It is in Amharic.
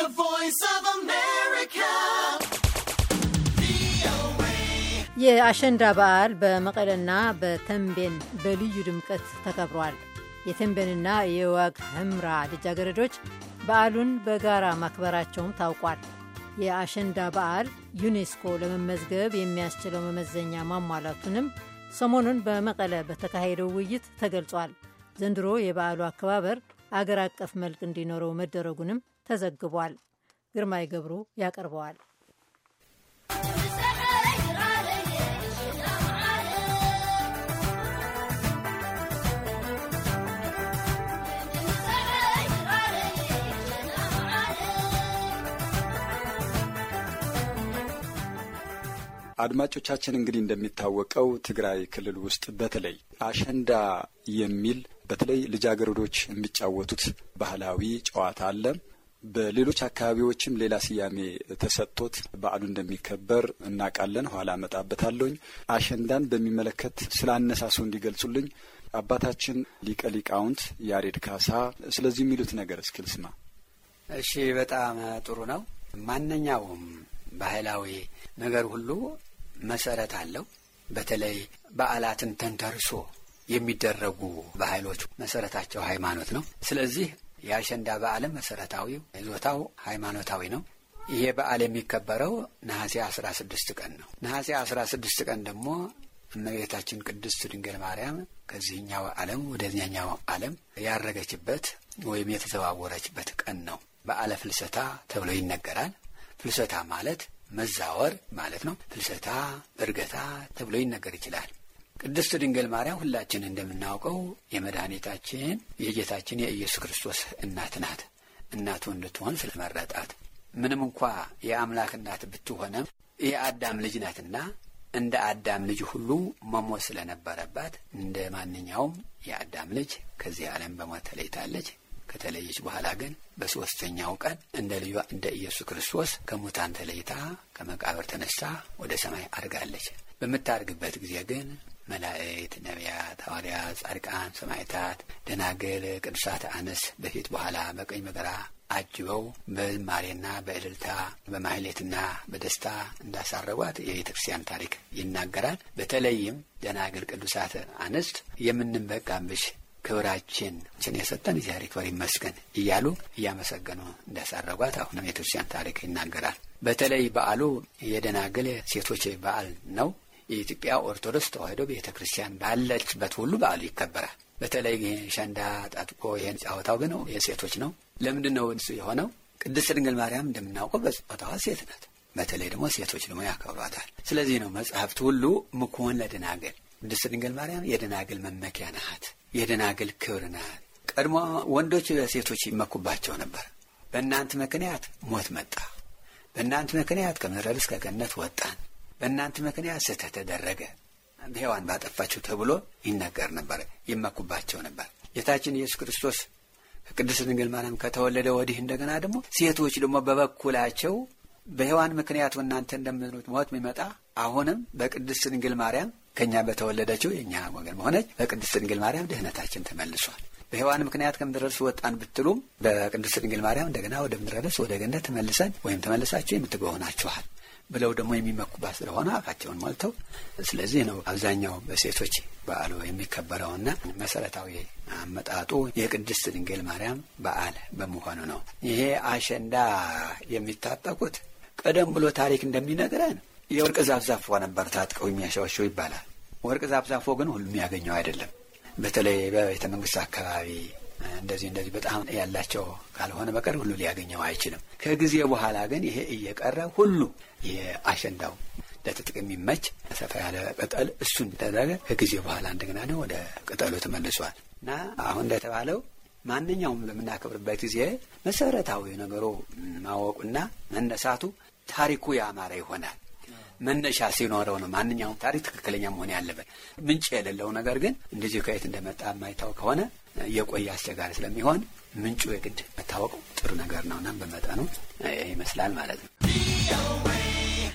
The Voice of America. የአሸንዳ በዓል በመቀለና በተንቤን በልዩ ድምቀት ተከብሯል። የተንቤንና የዋግ ህምራ ልጃገረዶች በዓሉን በጋራ ማክበራቸውም ታውቋል። የአሸንዳ በዓል ዩኔስኮ ለመመዝገብ የሚያስችለው መመዘኛ ማሟላቱንም ሰሞኑን በመቀለ በተካሄደው ውይይት ተገልጿል። ዘንድሮ የበዓሉ አከባበር አገር አቀፍ መልክ እንዲኖረው መደረጉንም ተዘግቧል። ግርማይ ገብሩ ያቀርበዋል። አድማጮቻችን እንግዲህ እንደሚታወቀው ትግራይ ክልል ውስጥ በተለይ አሸንዳ የሚል በተለይ ልጃገረዶች የሚጫወቱት ባህላዊ ጨዋታ አለ። በሌሎች አካባቢዎችም ሌላ ስያሜ ተሰጥቶት በዓሉ እንደሚከበር እናውቃለን። ኋላ እመጣበታለሁኝ። አሸንዳን በሚመለከት አነሳሱ እንዲገልጹልኝ አባታችን ሊቀ ሊቃውንት ያሬድ ካሳ ስለዚህ የሚሉት ነገር እስኪ ልስማ። እሺ፣ በጣም ጥሩ ነው። ማንኛውም ባህላዊ ነገር ሁሉ መሰረት አለው። በተለይ በዓላትን ተንተርሶ የሚደረጉ ባህሎች መሰረታቸው ሃይማኖት ነው። ስለዚህ የአሸንዳ በዓልም መሰረታዊ ይዞታው ሃይማኖታዊ ነው። ይሄ በዓል የሚከበረው ነሐሴ አስራ ስድስት ቀን ነው። ነሐሴ አስራ ስድስት ቀን ደግሞ እመቤታችን ቅድስት ድንግል ማርያም ከዚህኛው ዓለም ወደዚያኛው ዓለም ያረገችበት ወይም የተዘዋወረችበት ቀን ነው። በዓለ ፍልሰታ ተብሎ ይነገራል። ፍልሰታ ማለት መዛወር ማለት ነው። ፍልሰታ እርገታ ተብሎ ይነገር ይችላል። ቅድስት ድንግል ማርያም ሁላችን እንደምናውቀው የመድኃኒታችን የጌታችን የኢየሱስ ክርስቶስ እናት ናት። እናቱ እንድትሆን ስለመረጣት ምንም እንኳ የአምላክ እናት ብትሆነም የአዳም ልጅ ናትና እንደ አዳም ልጅ ሁሉ መሞት ስለነበረባት እንደ ማንኛውም የአዳም ልጅ ከዚህ ዓለም በሞት ተለይታለች። ከተለየች በኋላ ግን በሦስተኛው ቀን እንደ ልጇ እንደ ኢየሱስ ክርስቶስ ከሙታን ተለይታ ከመቃብር ተነሳ ወደ ሰማይ አድርጋለች። በምታድግበት ጊዜ ግን መላእክት፣ ነቢያት፣ ሐዋርያት፣ ጻድቃን፣ ሰማዕታት፣ ደናግል፣ ቅዱሳት አንስ በፊት በኋላ በቀኝ በግራ አጅበው በዝማሬና በእልልታ በማህሌትና በደስታ እንዳሳረጓት የቤተ ክርስቲያን ታሪክ ይናገራል። በተለይም ደናግል፣ ቅዱሳት አንስት የምንበቃብሽ ክብራችን ችን የሰጠን እግዚአብሔር ይክበር ይመስገን እያሉ እያመሰገኑ እንዳሳረጓት አሁንም የቤተ ክርስቲያን ታሪክ ይናገራል። በተለይ በዓሉ የደናግል ሴቶች በዓል ነው። የኢትዮጵያ ኦርቶዶክስ ተዋሕዶ ቤተ ክርስቲያን ባለችበት ሁሉ በዓሉ ይከበራል። በተለይ ሸንዳ ጣጥቆ ይህን ጫወታው ግን የሴቶች ነው። ለምንድን ነው እሱ የሆነው? ቅድስት ድንግል ማርያም እንደምናውቀው በጾታዋ ሴት ናት። በተለይ ደግሞ ሴቶች ደግሞ ያከብሯታል። ስለዚህ ነው መጽሐፍት ሁሉ ምኩን ለደናግል ቅድስት ድንግል ማርያም የደናግል መመኪያ ናት፣ የደናግል ክብር ናት። ቀድሞ ወንዶች ሴቶች ይመኩባቸው ነበር። በእናንት ምክንያት ሞት መጣ፣ በእናንት ምክንያት ከምድረ እስከ ገነት ወጣን በእናንተ ምክንያት ስህተት ተደረገ፣ ሔዋን ባጠፋችሁ ተብሎ ይነገር ነበር፣ ይመኩባቸው ነበር። ጌታችን ኢየሱስ ክርስቶስ ከቅድስት ድንግል ማርያም ከተወለደ ወዲህ እንደገና ደግሞ ሴቶች ደግሞ በበኩላቸው በሔዋን ምክንያቱ እናንተ እንደምትሉት ሞት የሚመጣ አሁንም በቅድስት ድንግል ማርያም ከእኛ በተወለደችው የእኛ ወገን መሆነች በቅድስት ድንግል ማርያም ድህነታችን ተመልሷል። በሔዋን ምክንያት ከምድረርስ ወጣን ብትሉም በቅድስት ድንግል ማርያም እንደገና ወደ ምድረርስ ወደ ገነት ተመልሰን ወይም ተመልሳችሁ የምትገቡ ናችኋል። ብለው ደግሞ የሚመኩባት ስለሆነ አፋቸውን ሞልተው ስለዚህ ነው አብዛኛው በሴቶች በዓሉ የሚከበረውና መሰረታዊ አመጣጡ የቅድስት ድንግል ማርያም በዓል በመሆኑ ነው። ይሄ አሸንዳ የሚታጠቁት ቀደም ብሎ ታሪክ እንደሚነግረን የወርቅ ዛፍ ዛፎ ነበር ታጥቀው የሚያሸዋሸው ይባላል። ወርቅ ዛፍዛፎ ግን ሁሉም ያገኘው አይደለም። በተለይ በቤተ መንግስት አካባቢ እንደዚህ እንደዚህ በጣም ያላቸው ካልሆነ በቀር ሁሉ ሊያገኘው አይችልም። ከጊዜ በኋላ ግን ይሄ እየቀረ ሁሉ የአሸንዳው ለትጥቅ የሚመች ሰፋ ያለ ቅጠል እሱን ተደረገ። ከጊዜ በኋላ እንደገና ነው ወደ ቅጠሉ ተመልሷል እና አሁን እንደተባለው ማንኛውም በምናከብርበት ጊዜ መሰረታዊ ነገሩ ማወቁና መነሳቱ ታሪኩ ያማረ ይሆናል። መነሻ ሲኖረው ነው ማንኛውም ታሪክ ትክክለኛ መሆን ያለበት። ምንጭ የሌለው ነገር ግን እንደዚህ ከየት እንደመጣ የማይታወቅ ከሆነ የቆየ አስቸጋሪ ስለሚሆን ምንጩ የግድ መታወቅ ጥሩ ነገር ነውና በመጠኑ ይመስላል ማለት ነው።